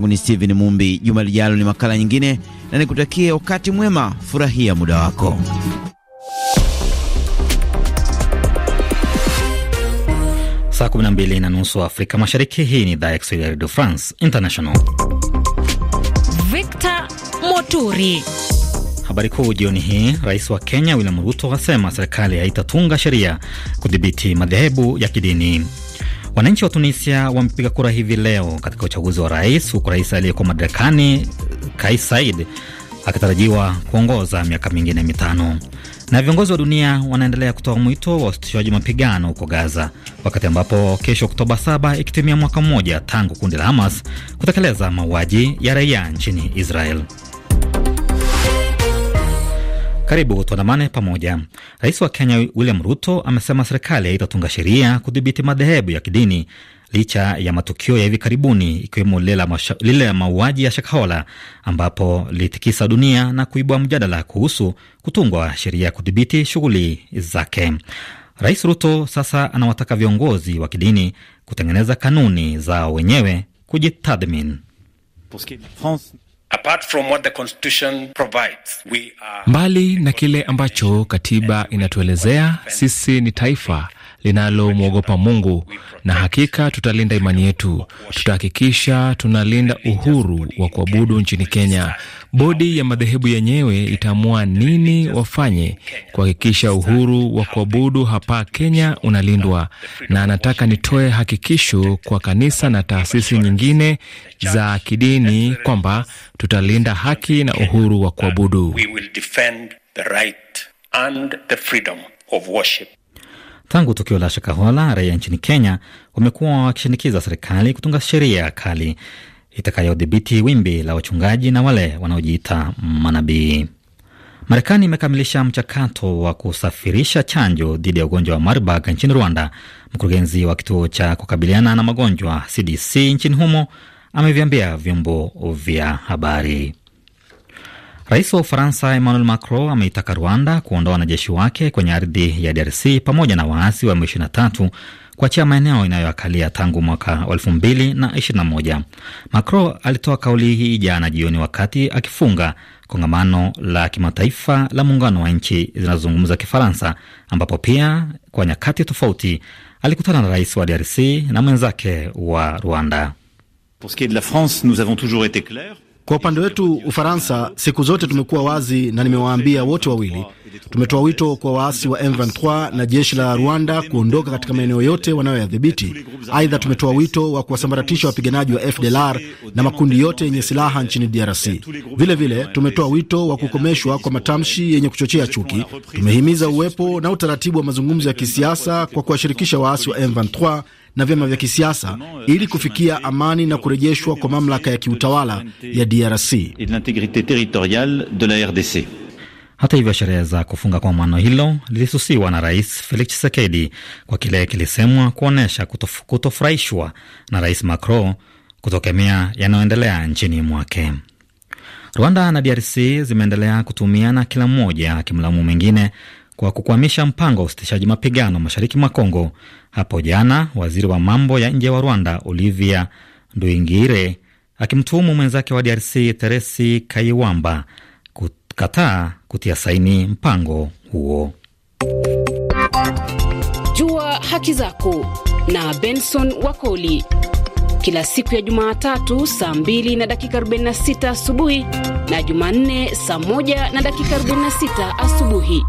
ni Steven Mumbi. Juma lijalo ni makala nyingine, na nikutakie wakati mwema. Furahia muda wako. Saa 12 na nusu Afrika Mashariki. Hii ni idhaa ya Kiswahili ya France International. Victor Moturi. Habari kuu jioni hii. Rais wa Kenya William Ruto asema serikali haitatunga sheria kudhibiti madhehebu ya kidini. Wananchi wa Tunisia wamepiga kura hivi leo katika uchaguzi wa rais, huku rais aliyekuwa madarakani Kais Saied akitarajiwa kuongoza miaka mingine mitano. Na viongozi wa dunia wanaendelea kutoa mwito wa usitishaji mapigano huko Gaza, wakati ambapo kesho Oktoba saba ikitimia mwaka mmoja tangu kundi la Hamas kutekeleza mauaji ya raia nchini Israel. Karibu tuandamane pamoja. Rais wa Kenya William Ruto amesema serikali itatunga sheria kudhibiti madhehebu ya kidini licha ya matukio ya hivi karibuni ikiwemo lile la mauaji ya Shakahola ambapo lilitikisa dunia na kuibua mjadala kuhusu kutungwa sheria ya kudhibiti shughuli zake. Rais Ruto sasa anawataka viongozi wa kidini kutengeneza kanuni zao wenyewe kujitathmini. Apart from what the Constitution provides, we are... mbali na kile ambacho katiba inatuelezea, sisi ni taifa linalomwogopa Mungu, na hakika tutalinda imani yetu. Tutahakikisha tunalinda uhuru wa kuabudu nchini Kenya. Bodi ya madhehebu yenyewe itaamua nini wafanye kuhakikisha uhuru wa kuabudu hapa Kenya unalindwa, na nataka nitoe hakikisho kwa kanisa na taasisi nyingine za kidini kwamba tutalinda haki na uhuru wa kuabudu. Tangu tukio la Shakahola, raia nchini Kenya wamekuwa wakishinikiza serikali kutunga sheria kali itakayodhibiti wimbi la wachungaji na wale wanaojiita manabii. Marekani imekamilisha mchakato wa kusafirisha chanjo dhidi ya ugonjwa wa Marburg nchini Rwanda. Mkurugenzi wa kituo cha kukabiliana na magonjwa CDC nchini humo ameviambia vyombo vya habari. Rais wa Ufaransa Emmanuel Macron ameitaka Rwanda kuondoa wanajeshi wake kwenye ardhi ya DRC pamoja na waasi wa M23 kuachia maeneo inayoakalia tangu mwaka e221 Macron alitoa kauli hii jana jioni wakati akifunga kongamano la kimataifa la muungano wa nchi zinazozungumza Kifaransa, ambapo pia kwa nyakati tofauti alikutana na rais wa DRC na mwenzake wa Rwanda. Pour ce qui est de la France, nous avons toujours été clairs. Kwa upande wetu Ufaransa, siku zote tumekuwa wazi na nimewaambia wote wawili, tumetoa wito kwa waasi wa M23 na jeshi la Rwanda kuondoka katika maeneo yote wanayoyadhibiti. Aidha, tumetoa wito wa kuwasambaratisha wapiganaji wa FDLR na makundi yote yenye silaha nchini DRC. Vilevile vile, tumetoa wito wa kukomeshwa kwa matamshi yenye kuchochea chuki. Tumehimiza uwepo na utaratibu wa mazungumzo ya kisiasa kwa kuwashirikisha waasi wa M23 na vyama vya kisiasa ili kufikia amani na kurejeshwa kwa mamlaka ya kiutawala ya DRC. Hata hivyo, sherehe za kufunga kwa mwano hilo lilisusiwa na Rais Felix Tshisekedi kwa kile kilisemwa kuonyesha kutofurahishwa na Rais Macron kutokemea yanayoendelea nchini mwake. Rwanda na DRC zimeendelea kutumiana, kila mmoja akimlaumu mwingine kwa kukwamisha mpango wa usitishaji mapigano mashariki mwa Kongo. Hapo jana waziri wa mambo ya nje wa Rwanda Olivia Nduingire akimtuhumu mwenzake wa DRC Teresi Kaiwamba kukataa kutia saini mpango huo. Jua haki zako na Benson Wakoli kila siku ya Jumatatu saa 2 na dakika 46 asubuhi na Jumanne saa 1 na dakika 46 asubuhi.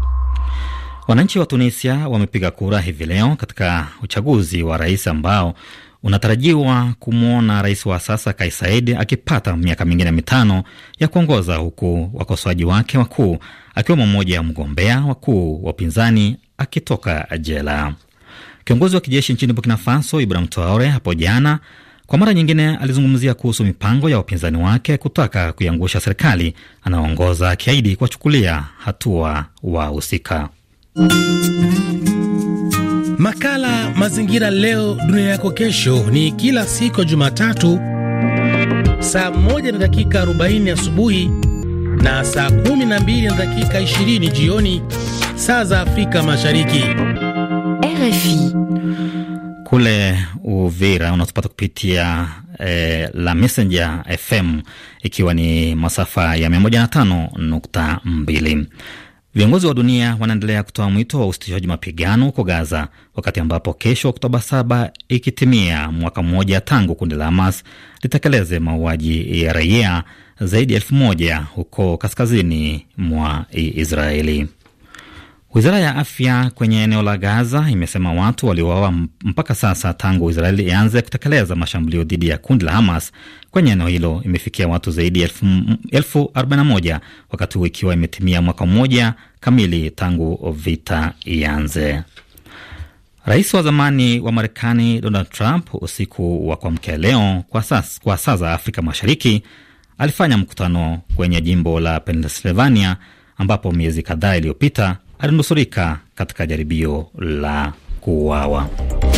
Wananchi wa Tunisia wamepiga kura hivi leo katika uchaguzi wa rais ambao unatarajiwa kumwona rais wa sasa Kais Saied akipata miaka mingine mitano ya kuongoza, huku wakosoaji wake wakuu akiwemo mmoja ya mgombea wakuu wa upinzani akitoka jela. Kiongozi wa kijeshi nchini Burkina Faso Ibrahim Traore hapo jana kwa mara nyingine alizungumzia kuhusu mipango ya wapinzani wake kutaka kuiangusha serikali anaoongoza akiahidi kuwachukulia hatua wahusika. Makala Mazingira Leo Dunia Yako Kesho ni kila siku ya Jumatatu saa 1 na dakika 40 asubuhi na saa 12 na dakika 20 jioni saa za Afrika Mashariki. RFI kule Uvira unatupata kupitia e, la Messenger FM ikiwa ni masafa ya 105.2. Viongozi wa dunia wanaendelea kutoa mwito wa usitishaji mapigano huko Gaza, wakati ambapo kesho Oktoba 7 ikitimia mwaka mmoja tangu kundi la Hamas litekeleze mauaji ya raia zaidi ya elfu moja huko kaskazini mwa Israeli. Wizara ya afya kwenye eneo la Gaza imesema watu waliouawa mpaka sasa tangu Israeli ianze kutekeleza mashambulio dhidi ya kundi la Hamas kwenye eneo hilo imefikia watu zaidi ya elfu arobaini na moja wakati huu ikiwa imetimia mwaka mmoja kamili tangu vita ianze. Rais wa zamani wa Marekani Donald Trump usiku wa kuamkia leo kwa saa za Afrika Mashariki alifanya mkutano kwenye jimbo la Pennsylvania ambapo miezi kadhaa iliyopita alinusurika katika jaribio la kuuawa.